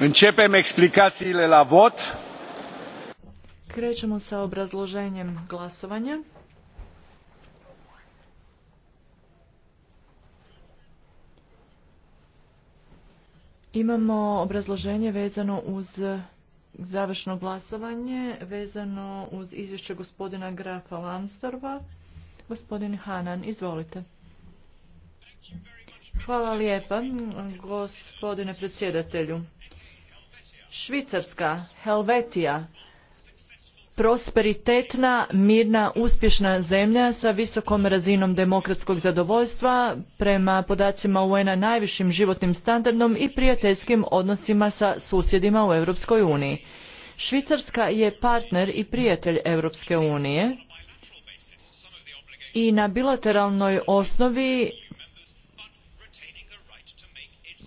Începem explicațiile la vot. Krećemo sa obrazloženjem glasovanja. Imamo obrazloženje vezano uz završno glasovanje, vezano uz izvješće gospodina Grafa Lamstorva. Gospodin Hanan, izvolite. Hvala lijepa, gospodine predsjedatelju. Švicarska, Helvetija, prosperitetna, mirna, uspješna zemlja sa visokom razinom demokratskog zadovoljstva, prema podacima UN-a najvišim životnim standardom i prijateljskim odnosima sa susjedima u Europskoj uniji. Švicarska je partner i prijatelj Europske unije i na bilateralnoj osnovi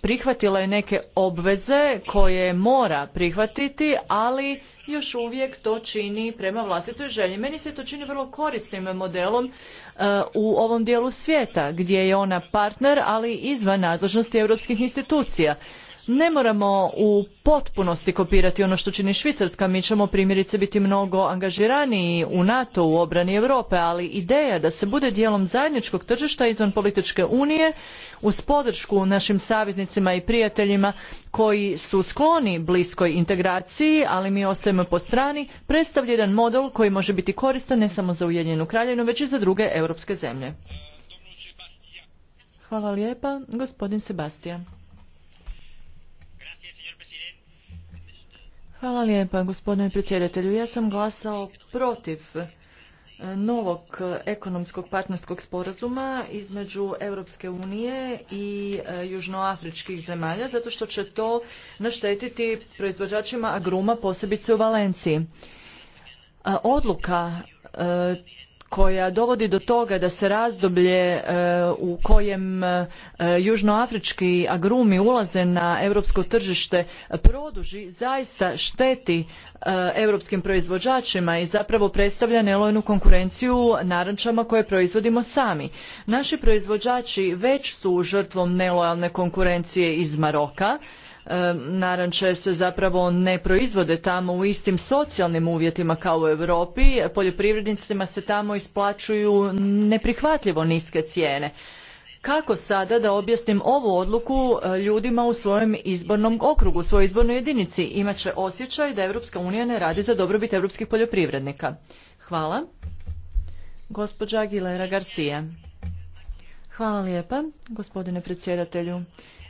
prihvatila je neke obveze koje mora prihvatiti, ali još uvijek to čini prema vlastitoj želji. Meni se to čini vrlo korisnim modelom uh, u ovom dijelu svijeta gdje je ona partner, ali izvan nadležnosti europskih institucija ne moramo u potpunosti kopirati ono što čini Švicarska, mi ćemo primjerice biti mnogo angažiraniji u NATO u obrani Europe, ali ideja da se bude dijelom zajedničkog tržišta izvan političke unije uz podršku našim saveznicima i prijateljima koji su skloni bliskoj integraciji, ali mi ostajemo po strani, predstavlja jedan model koji može biti koristan ne samo za Ujedinjenu kraljevinu, već i za druge europske zemlje. Hvala lijepa, gospodin Sebastian. Hvala lijepa, gospodine predsjedatelju. Ja sam glasao protiv e, novog ekonomskog partnerskog sporazuma između Europske unije i e, južnoafričkih zemalja, zato što će to naštetiti proizvođačima agruma, posebice u Valenciji. E, odluka koja dovodi do toga da se razdoblje e, u kojem e, južnoafrički agrumi ulaze na europsko tržište produži zaista šteti europskim proizvođačima i zapravo predstavlja nelojnu konkurenciju narančama koje proizvodimo sami. Naši proizvođači već su žrtvom nelojalne konkurencije iz Maroka E, naranče se zapravo ne proizvode tamo u istim socijalnim uvjetima kao u Europi. Poljoprivrednicima se tamo isplaćuju neprihvatljivo niske cijene. Kako sada da objasnim ovu odluku e, ljudima u svojem izbornom okrugu, u svojoj izbornoj jedinici? Imaće osjećaj da Europska unija ne radi za dobrobit europskih poljoprivrednika. Hvala. Gospođa Aguilera Garcia. Hvala lijepa, gospodine predsjedatelju.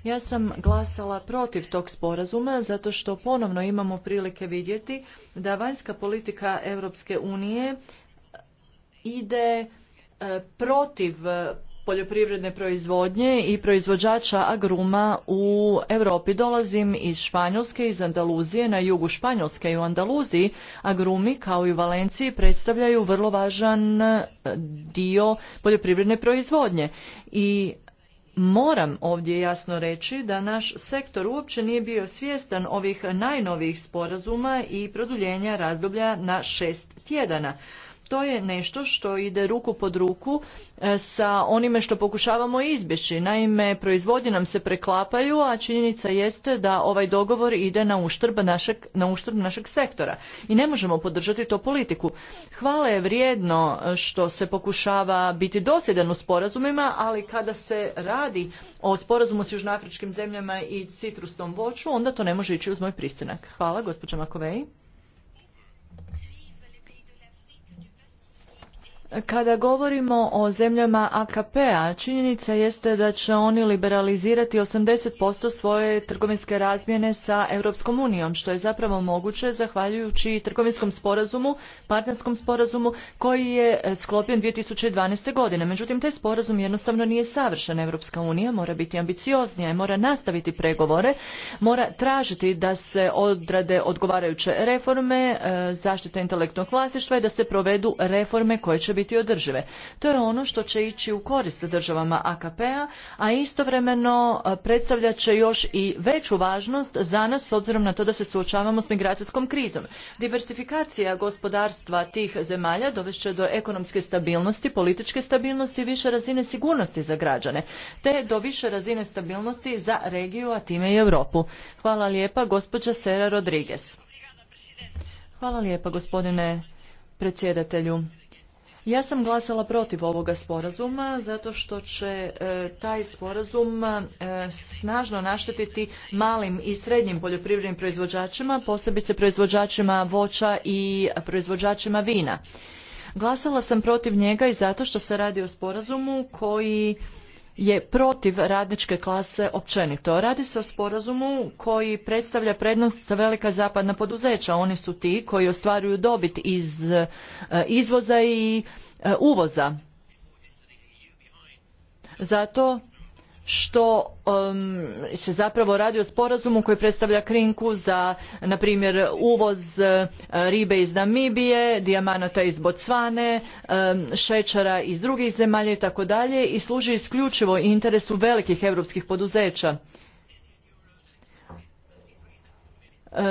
Ja sam glasala protiv tog sporazuma zato što ponovno imamo prilike vidjeti da vanjska politika Europske unije ide e, protiv poljoprivredne proizvodnje i proizvođača agruma u Europi. Dolazim iz Španjolske, iz Andaluzije, na jugu Španjolske i u Andaluziji agrumi kao i u Valenciji predstavljaju vrlo važan e, dio poljoprivredne proizvodnje i Moram ovdje jasno reći da naš sektor uopće nije bio svjestan ovih najnovijih sporazuma i produljenja razdoblja na šest tjedana to je nešto što ide ruku pod ruku e, sa onime što pokušavamo izbjeći. Naime, proizvodi nam se preklapaju, a činjenica jeste da ovaj dogovor ide na uštrb našeg, na uštrb našeg sektora. I ne možemo podržati to politiku. Hvala je vrijedno e, što se pokušava biti dosjedan u sporazumima, ali kada se radi o sporazumu s južnoafričkim zemljama i citrusnom voću, onda to ne može ići uz moj pristanak. Hvala, gospođa Makovej. Kada govorimo o zemljama AKP-a, činjenica jeste da će oni liberalizirati 80% svoje trgovinske razmjene sa Europskom unijom, što je zapravo moguće zahvaljujući trgovinskom sporazumu, partnerskom sporazumu koji je e, sklopljen 2012. godine. Međutim, taj sporazum jednostavno nije savršen. Europska unija mora biti ambicioznija i mora nastaviti pregovore, mora tražiti da se odrade odgovarajuće reforme, e, zaštite intelektualnog vlasništva i da se provedu reforme koje će biti biti održive. To je ono što će ići u korist državama AKP-a, a istovremeno predstavlja će još i veću važnost za nas s obzirom na to da se suočavamo s migracijskom krizom. Diversifikacija gospodarstva tih zemalja dovešće do ekonomske stabilnosti, političke stabilnosti i više razine sigurnosti za građane, te do više razine stabilnosti za regiju, a time i Europu. Hvala lijepa, gospođa Sera Rodriguez. Hvala lijepa, gospodine predsjedatelju. Ja sam glasala protiv ovoga sporazuma zato što će e, taj sporazum e, snažno naštetiti malim i srednjim poljoprivrednim proizvođačima, posebice proizvođačima voća i proizvođačima vina. Glasala sam protiv njega i zato što se radi o sporazumu koji je protiv radničke klase općenito. Radi se o sporazumu koji predstavlja prednost za velika zapadna poduzeća. Oni su ti koji ostvaruju dobit iz e, izvoza i e, uvoza. Zato što um, se zapravo radi o sporazumu koji predstavlja krinku za na primjer uvoz uh, ribe iz Namibije, dijamanata iz Botsvane, um, šećera iz drugih zemalja i tako dalje i služi isključivo interesu velikih europskih poduzeća. Uh,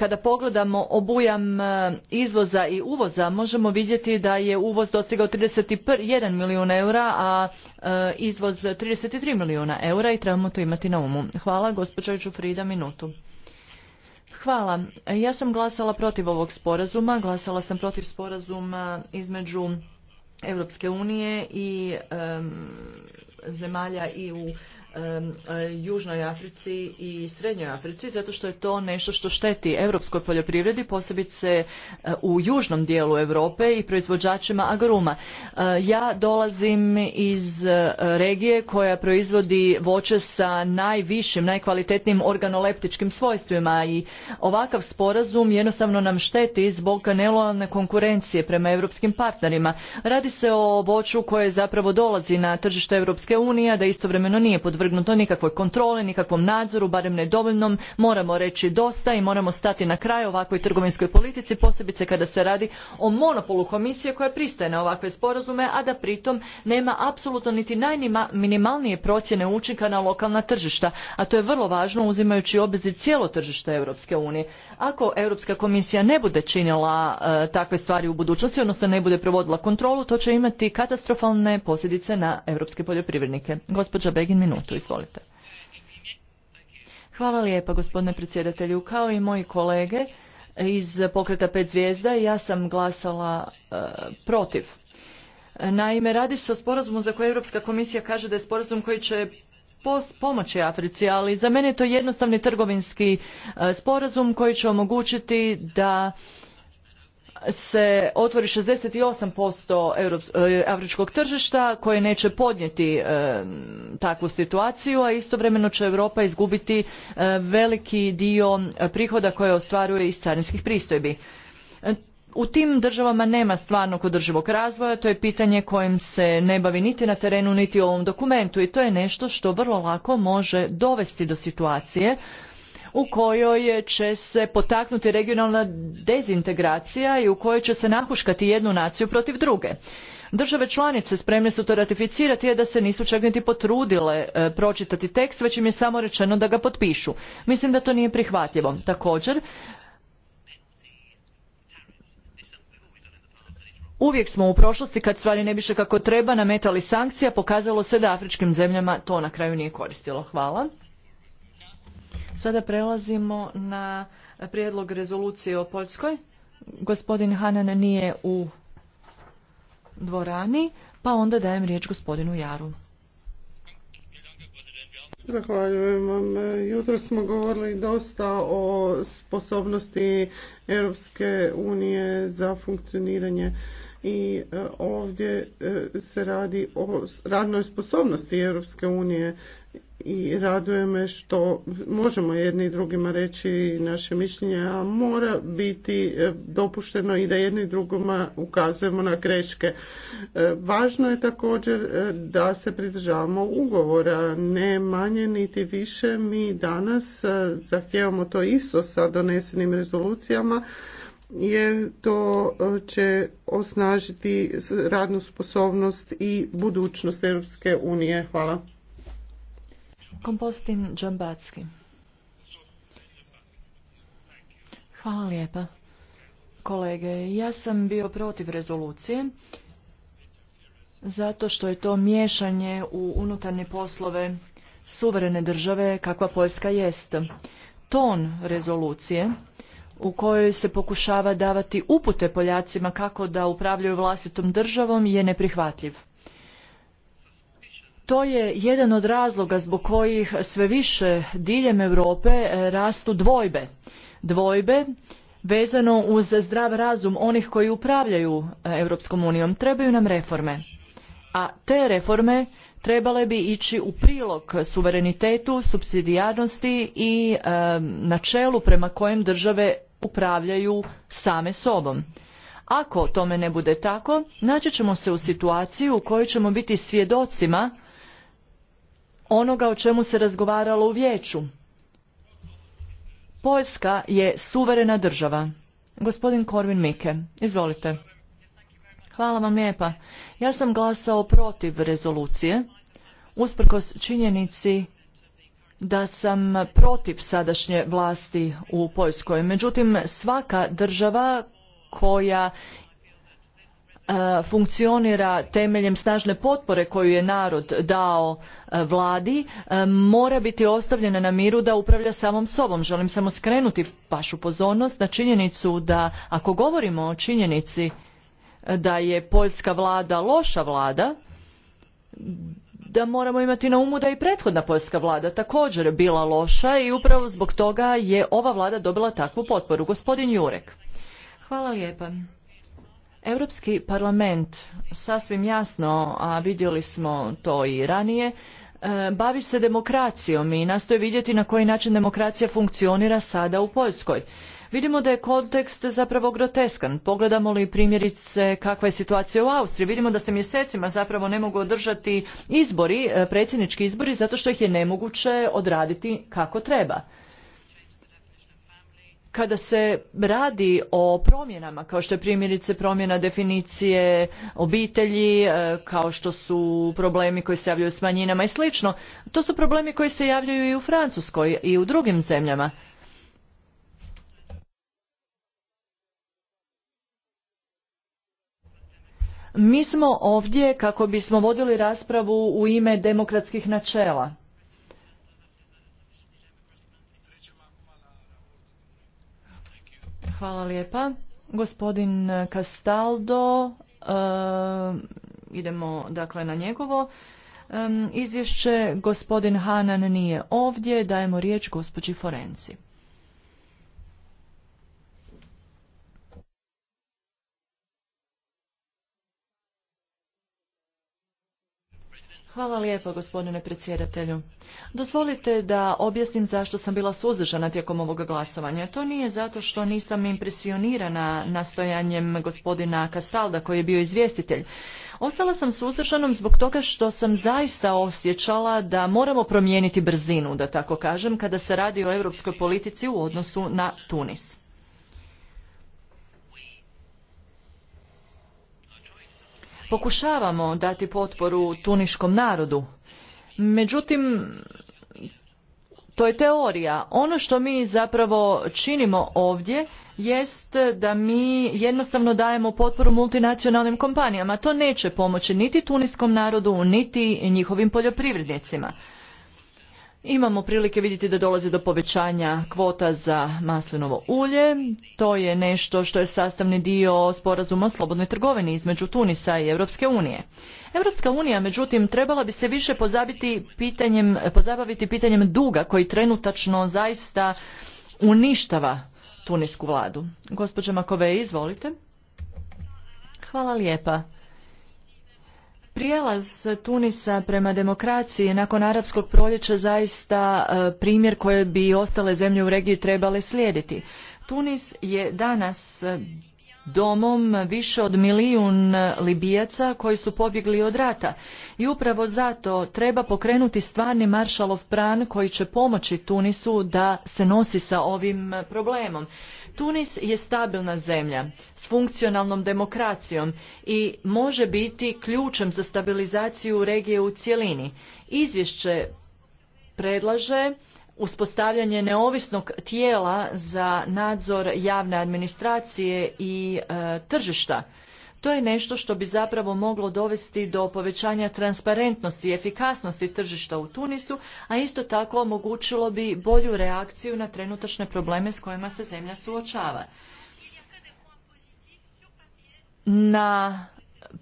kada pogledamo obujam e, izvoza i uvoza, možemo vidjeti da je uvoz dostigao 31 milijun eura, a e, izvoz 33 milijuna eura i trebamo to imati na umu. Hvala, gospođo Čufrida, minutu. Hvala. Ja sam glasala protiv ovog sporazuma. Glasala sam protiv sporazuma između Europske unije i zemalja i u E, Južnoj Africi i Srednjoj Africi zato što je to nešto što šteti europskoj poljoprivredi, posebice e, u južnom dijelu Europe i proizvođačima agruma. E, ja dolazim iz regije koja proizvodi voće sa najvišim, najkvalitetnijim organoleptičkim svojstvima i ovakav sporazum jednostavno nam šteti zbog nelojalne konkurencije prema europskim partnerima. Radi se o voću koje zapravo dolazi na tržište Europske unije, da istovremeno nije pod podvrgnuto nikakvoj kontroli, nikakvom nadzoru, barem ne dovoljnom. Moramo reći dosta i moramo stati na kraj ovakvoj trgovinskoj politici, posebice kada se radi o monopolu komisije koja pristaje na ovakve sporazume, a da pritom nema apsolutno niti najminimalnije procjene učinka na lokalna tržišta, a to je vrlo važno uzimajući u obzir cijelo tržište Europske unije. Ako Europska komisija ne bude činila e, takve stvari u budućnosti, odnosno ne bude provodila kontrolu, to će imati katastrofalne posljedice na europske poljoprivrednike. Gospođa Begin, minutu, izvolite. Hvala lijepa gospodine predsjedatelju. Kao i moji kolege iz pokreta pet zvijezda ja sam glasala e, protiv. Naime, radi se o sporazumu za koji Europska komisija kaže da je sporazum koji će pomoći Africi, ali za mene je to jednostavni trgovinski e, sporazum koji će omogućiti da se otvori 68% e, afričkog tržišta koje neće podnijeti e, takvu situaciju, a istovremeno će Europa izgubiti e, veliki dio prihoda koje ostvaruje iz carinskih pristojbi. u tim državama nema stvarnog održivog razvoja, to je pitanje kojim se ne bavi niti na terenu, niti u ovom dokumentu i to je nešto što vrlo lako može dovesti do situacije u kojoj će se potaknuti regionalna dezintegracija i u kojoj će se nahuškati jednu naciju protiv druge. Države članice spremne su to ratificirati je da se nisu čak niti potrudile e, pročitati tekst, već im je samo rečeno da ga potpišu. Mislim da to nije prihvatljivo. Također, Uvijek smo u prošlosti, kad stvari ne biše kako treba, nametali sankcija, pokazalo se da afričkim zemljama to na kraju nije koristilo. Hvala. Sada prelazimo na prijedlog rezolucije o Poljskoj. Gospodin Hanan nije u dvorani, pa onda dajem riječ gospodinu Jaru. Zahvaljujem vam. Jutro smo govorili dosta o sposobnosti Europske unije za funkcioniranje i e, ovdje e, se radi o radnoj sposobnosti Europske unije i raduje me što možemo jedni drugima reći naše mišljenje, a mora biti e, dopušteno i da jedni drugima ukazujemo na greške. Važno je također da se pridržavamo ugovora, ne manje niti više. Mi danas zahtijevamo to isto sa donesenim rezolucijama, jer to e, će osnažiti radnu sposobnost i budućnost Europske unije. Hvala. Kompostin Džambacki. Hvala lijepa. Kolege, ja sam bio protiv rezolucije zato što je to miješanje u unutarnje poslove suverene države kakva Poljska jest. Ton rezolucije u kojoj se pokušava davati upute Poljacima kako da upravljaju vlastitom državom je neprihvatljiv. To je jedan od razloga zbog kojih sve više diljem Europe e, rastu dvojbe. Dvojbe vezano uz zdrav razum onih koji upravljaju e, Europskom unijom. Trebaju nam reforme. A te reforme trebale bi ići u prilog suverenitetu, subsidijarnosti i e, načelu prema kojem države upravljaju same sobom. Ako tome ne bude tako, naći ćemo se u situaciju u kojoj ćemo biti svjedocima onoga o čemu se razgovaralo u vijeću. Poljska je suverena država. Gospodin Korvin Mike, izvolite. Hvala vam lijepa. Ja sam glasao protiv rezolucije, usprkos činjenici da sam protiv sadašnje vlasti u Poljskoj. Međutim, svaka država koja e, funkcionira temeljem snažne potpore koju je narod dao e, vladi e, mora biti ostavljena na miru da upravlja samom sobom. Želim samo skrenuti vašu pozornost na činjenicu da ako govorimo o činjenici da je poljska vlada loša vlada da moramo imati na umu da i prethodna poljska vlada također bila loša i upravo zbog toga je ova vlada dobila takvu potporu. Gospodin Jurek. Hvala lijepa. Europski parlament sasvim jasno, a vidjeli smo to i ranije, e, bavi se demokracijom i nastoje vidjeti na koji način demokracija funkcionira sada u Poljskoj. Vidimo da je kontekst zapravo groteskan. Pogledamo li primjerice kakva je situacija u Austriji, vidimo da se mjesecima zapravo ne mogu održati izbori, e, predsjednički izbori, zato što ih je nemoguće odraditi kako treba kada se radi o promjenama kao što je primjerice promjena definicije obitelji e, kao što su problemi koji se javljaju s manjinama i slično to su problemi koji se javljaju i u francuskoj i u drugim zemljama Mi smo ovdje kako bismo vodili raspravu u ime demokratskih načela. Hvala lijepa. Gospodin Castaldo, eh, idemo dakle na njegovo izvješće. Gospodin Hanan nije ovdje, dajemo riječ gospođi Forenci. Hvala lijepo, gospodine predsjedatelju. Dozvolite da objasnim zašto sam bila suzdržana tijekom ovog glasovanja. To nije zato što nisam impresionirana nastojanjem gospodina Kastalda koji je bio izvjestitelj. Ostala sam suzdržanom zbog toga što sam zaista osjećala da moramo promijeniti brzinu, da tako kažem, kada se radi o europskoj politici u odnosu na Tunis. Pokušavamo dati potporu tuniškom narodu. Međutim, to je teorija. Ono što mi zapravo činimo ovdje jest da mi jednostavno dajemo potporu multinacionalnim kompanijama. To neće pomoći niti tuniskom narodu, niti njihovim poljoprivrednicima. Imamo prilike vidjeti da dolazi do povećanja kvota za maslinovo ulje. To je nešto što je sastavni dio sporazuma o slobodnoj trgovini između Tunisa i Europske unije. Europska unija, međutim, trebala bi se više pozabiti pitanjem, pozabaviti pitanjem duga koji trenutačno zaista uništava tunisku vladu. Gospođa Makove, izvolite. Hvala lijepa. Prijelaz Tunisa prema demokraciji nakon arapskog proljeća zaista e, primjer koje bi ostale zemlje u regiji trebale slijediti. Tunis je danas e, domom više od milijun Libijaca koji su pobjegli od rata. I upravo zato treba pokrenuti stvarni maršalov pran koji će pomoći Tunisu da se nosi sa ovim problemom. Tunis je stabilna zemlja s funkcionalnom demokracijom i može biti ključem za stabilizaciju regije u cjelini. Izvješće predlaže uspostavljanje neovisnog tijela za nadzor javne administracije i e, tržišta. To je nešto što bi zapravo moglo dovesti do povećanja transparentnosti i efikasnosti tržišta u Tunisu, a isto tako omogućilo bi bolju reakciju na trenutačne probleme s kojima se zemlja suočava. Na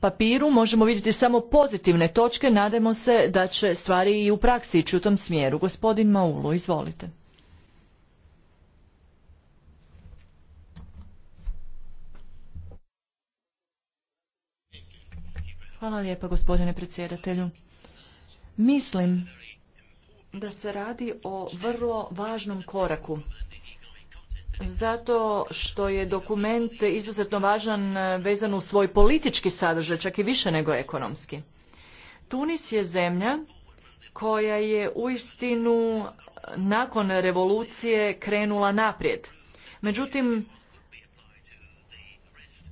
papiru možemo vidjeti samo pozitivne točke, nadajmo se da će stvari i u praksi ići u tom smjeru. Gospodin Maulu, izvolite. Hvala lijepa gospodine predsjedatelju. Mislim da se radi o vrlo važnom koraku zato što je dokument izuzetno važan e, vezan u svoj politički sadržaj, čak i više nego ekonomski. Tunis je zemlja koja je uistinu e, nakon revolucije krenula naprijed. Međutim,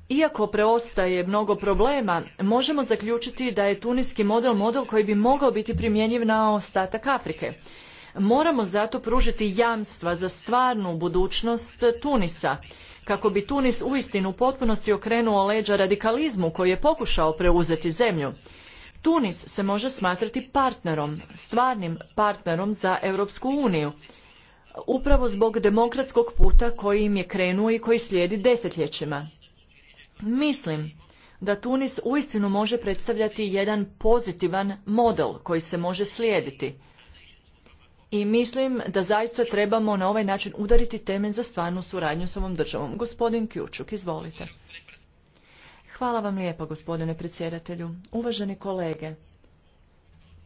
iako preostaje mnogo problema, možemo zaključiti da je tuniski model model koji bi mogao biti primjenjiv na ostatak Afrike. Moramo zato pružiti jamstva za stvarnu budućnost Tunisa kako bi Tunis uistinu u potpunosti okrenuo leđa radikalizmu koji je pokušao preuzeti zemlju. Tunis se može smatrati partnerom, stvarnim partnerom za Europsku uniju, upravo zbog demokratskog puta koji im je krenuo i koji slijedi desetljećima. Mislim da Tunis uistinu može predstavljati jedan pozitivan model koji se može slijediti i mislim da zaista trebamo na ovaj način udariti temelj za stvarnu suradnju s ovom državom. Gospodin Kjučuk, izvolite. Hvala vam lijepa, gospodine predsjedatelju. Uvaženi kolege,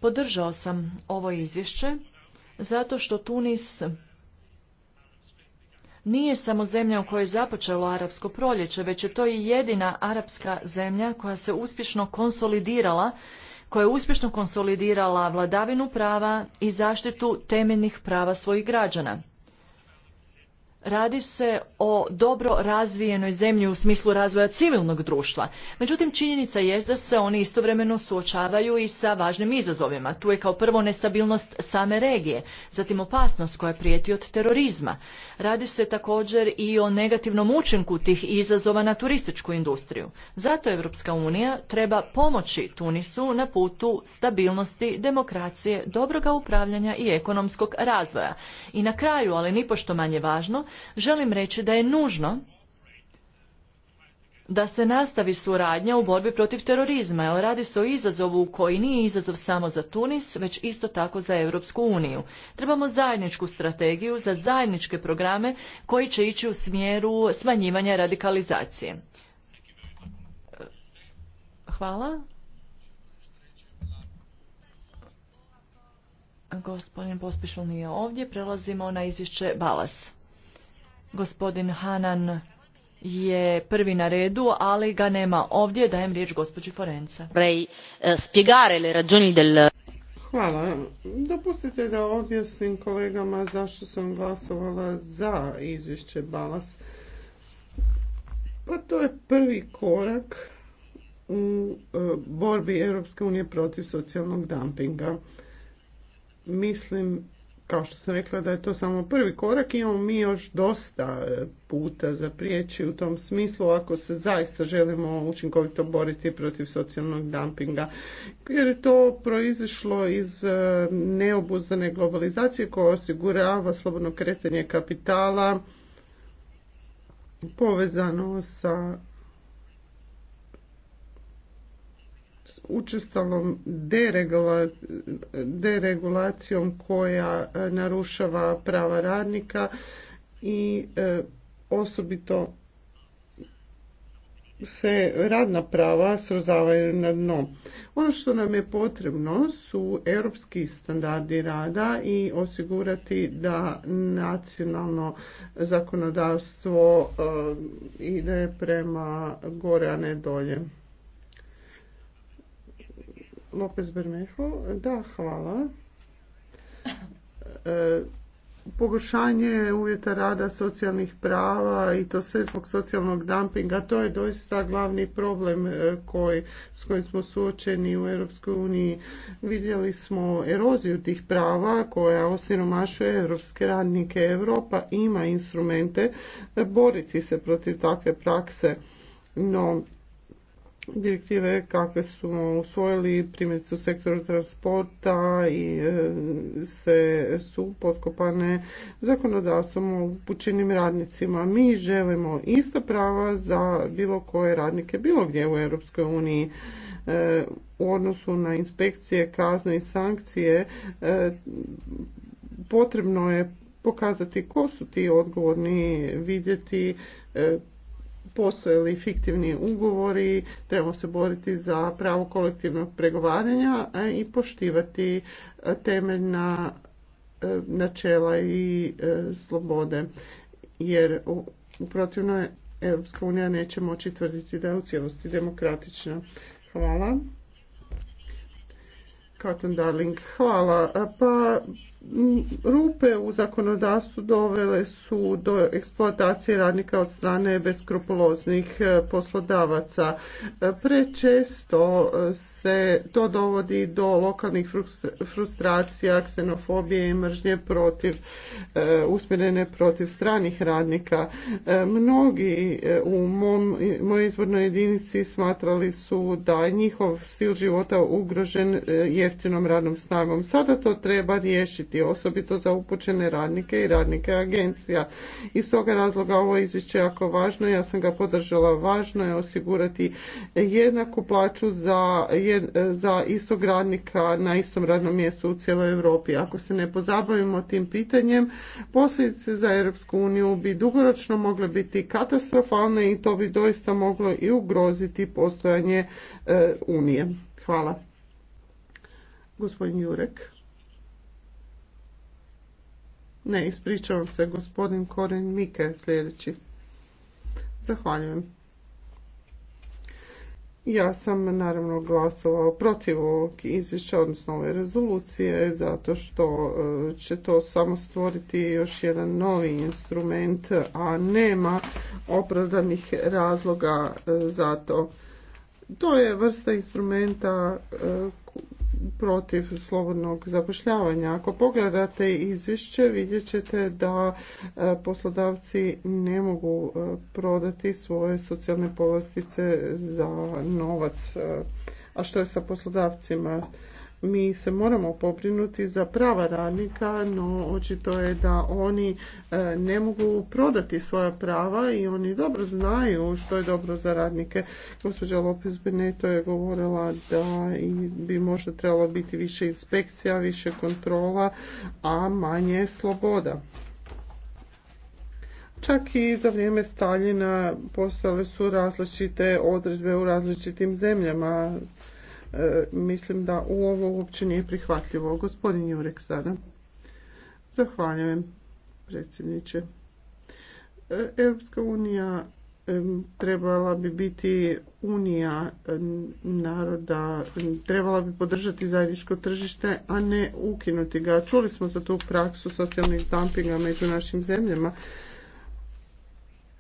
podržao sam ovo izvješće zato što Tunis nije samo zemlja u kojoj je započelo arapsko proljeće, već je to i jedina arapska zemlja koja se uspješno konsolidirala koja je uspješno konsolidirala vladavinu prava i zaštitu temeljnih prava svojih građana. Radi se o dobro razvijenoj zemlji u smislu razvoja civilnog društva. Međutim, činjenica je da se oni istovremeno suočavaju i sa važnim izazovima. Tu je kao prvo nestabilnost same regije, zatim opasnost koja prijeti od terorizma. Radi se također i o negativnom učinku tih izazova na turističku industriju. Zato Evropska unija treba pomoći Tunisu na putu stabilnosti, demokracije, dobroga upravljanja i ekonomskog razvoja. I na kraju, ali nipošto manje važno, želim reći da je nužno da se nastavi suradnja u borbi protiv terorizma, jer radi se o izazovu koji nije izazov samo za Tunis, već isto tako za Europsku uniju. Trebamo zajedničku strategiju za zajedničke programe koji će ići u smjeru smanjivanja radikalizacije. Hvala. Gospodin nije ovdje. Prelazimo na izvješće Balas. Gospodin Hanan je prvi na redu, ali ga nema ovdje. Dajem riječ gospođi Forenca. Eh, Hvala. Dopustite da objasnim kolegama zašto sam glasovala za izvješće Balas. Pa to je prvi korak u eh, borbi Europske unije protiv socijalnog dumpinga. Mislim kao što sam rekla da je to samo prvi korak, imamo mi još dosta e, puta za prijeći u tom smislu ako se zaista želimo učinkovito boriti protiv socijalnog dumpinga. Jer je to proizišlo iz e, neobuzdane globalizacije koja osigurava slobodno kretanje kapitala povezano sa učestalom deregulacijom koja e, narušava prava radnika i e, osobito se radna prava srozavaju na dno. Ono što nam je potrebno su europski standardi rada i osigurati da nacionalno zakonodavstvo e, ide prema gore, a ne dolje. Lopez Bermejo. Da, hvala. E, uvjeta rada socijalnih prava i to sve zbog socijalnog dumpinga, to je doista glavni problem e, koji, s kojim smo suočeni u Europskoj uniji. Vidjeli smo eroziju tih prava koja osiromašuje europske radnike. Europa ima instrumente boriti se protiv takve prakse, no direktive kakve smo usvojili primjerice u sektoru transporta i e, se su potkopane zakonodavstvom u upućenim radnicima. Mi želimo ista prava za bilo koje radnike bilo gdje u Europskoj uniji e, u odnosu na inspekcije, kazne i sankcije e, potrebno je pokazati ko su ti odgovorni, vidjeti postoje li fiktivni ugovori, trebamo se boriti za pravo kolektivnog pregovaranja i poštivati e, temeljna e, načela i e, slobode. Jer u protivno Europska unija neće moći tvrditi da je u cijelosti demokratična. Hvala. Darling, hvala. Pa rupe u zakonodavstvu dovele su do eksploatacije radnika od strane beskrupuloznih e, poslodavaca. E, prečesto e, se to dovodi do lokalnih frustracija, ksenofobije i mržnje protiv, usmjerene protiv stranih radnika. Mnogi u mojoj izbornoj jedinici smatrali su da je njihov stil života ugrožen jeftinom radnom snagom. Sada to treba riješiti, osobito za upućene radnike i radnike agencija. Iz toga razloga ovo izvješće jako važno, ja sam ga podržala. Važno je osigurati jednaku plaću za, za istog radnika na istom radnom mjestu u cijeloj Europi. Ako se ne pozabavimo tim pitanjem, posljedice za Europsku uniju bi dugoročno mogle biti katastrofalne i to bi doista moglo i ugroziti postojanje e, Unije. Hvala. Gospodin Jurek. Ne, ispričavam se, gospodin Korin Mike je sljedeći. Zahvaljujem. Ja sam naravno glasovao protiv ovog izvješća, odnosno ove rezolucije, zato što e, će to samo stvoriti još jedan novi instrument, a nema opravdanih razloga e, za to. To je vrsta instrumenta e, protiv slobodnog zapošljavanja. Ako pogledate izvješće vidjet ćete da e, poslodavci ne mogu e, prodati svoje socijalne povlastice za novac. E, a što je sa poslodavcima? mi se moramo pobrinuti za prava radnika, no očito je da oni e, ne mogu prodati svoja prava i oni dobro znaju što je dobro za radnike. Gospođa Lopez Beneto je govorila da bi možda trebalo biti više inspekcija, više kontrola, a manje sloboda. Čak i za vrijeme Staljina postojale su različite odredbe u različitim zemljama. E, mislim da u ovo uopće nije prihvatljivo. Gospodin Jurek sada. Zahvaljujem predsjedniče. E, Europska unija trebala bi biti unija naroda, trebala bi podržati zajedničko tržište, a ne ukinuti ga. Čuli smo za tu praksu socijalnih dumpinga među našim zemljama.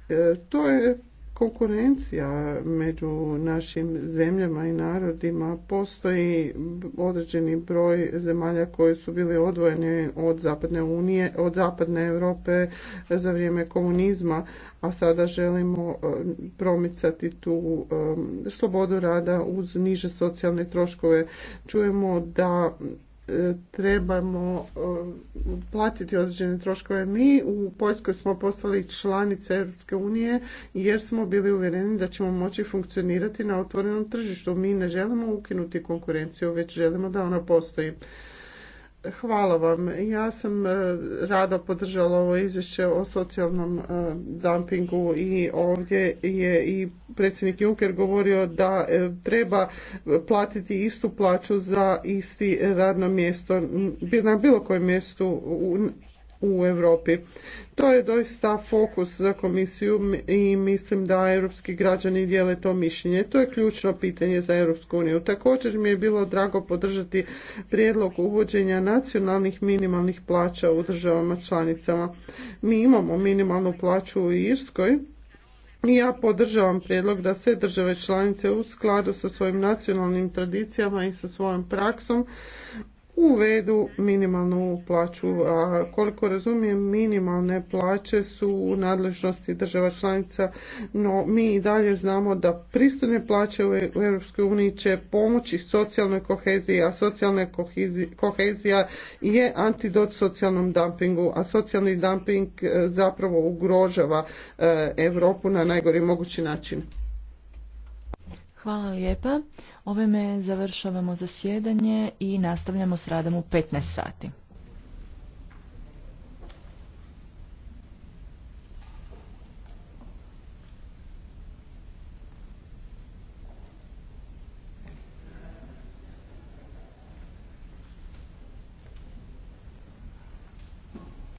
E, to je konkurencija među našim zemljama i narodima. Postoji određeni broj zemalja koji su bili odvojeni od zapadne unije, od zapadne Europe za vrijeme komunizma, a sada želimo e, promicati tu e, slobodu rada uz niže socijalne troškove. Čujemo da trebamo eh, platiti određene troškove. Mi u Poljskoj smo postali članice Europske unije jer smo bili uvjereni da ćemo moći funkcionirati na otvorenom tržištu. Mi ne želimo ukinuti konkurenciju, već želimo da ona postoji. Hvala vam. Ja sam e, rado podržala ovo izvješće o socijalnom e, dumpingu i ovdje je i predsjednik Juncker govorio da e, treba platiti istu plaću za isti radno mjesto na bilo kojem mjestu u Europi. To je doista fokus za komisiju i mislim da europski građani dijele to mišljenje. To je ključno pitanje za Europsku uniju. Također mi je bilo drago podržati prijedlog uvođenja nacionalnih minimalnih plaća u državama članicama. Mi imamo minimalnu plaću u Irskoj, i ja podržavam prijedlog da sve države članice u skladu sa svojim nacionalnim tradicijama i sa svojom praksom uvedu minimalnu plaću. A koliko razumijem, minimalne plaće su u nadležnosti država članica, no mi i dalje znamo da pristojne plaće u EU će pomoći socijalnoj koheziji, a socijalna kohezija je antidot socijalnom dumpingu, a socijalni dumping e, zapravo ugrožava e, Europu na najgori mogući način. Hvala lijepa. Ovime završavamo zasjedanje i nastavljamo s radom u 15 sati.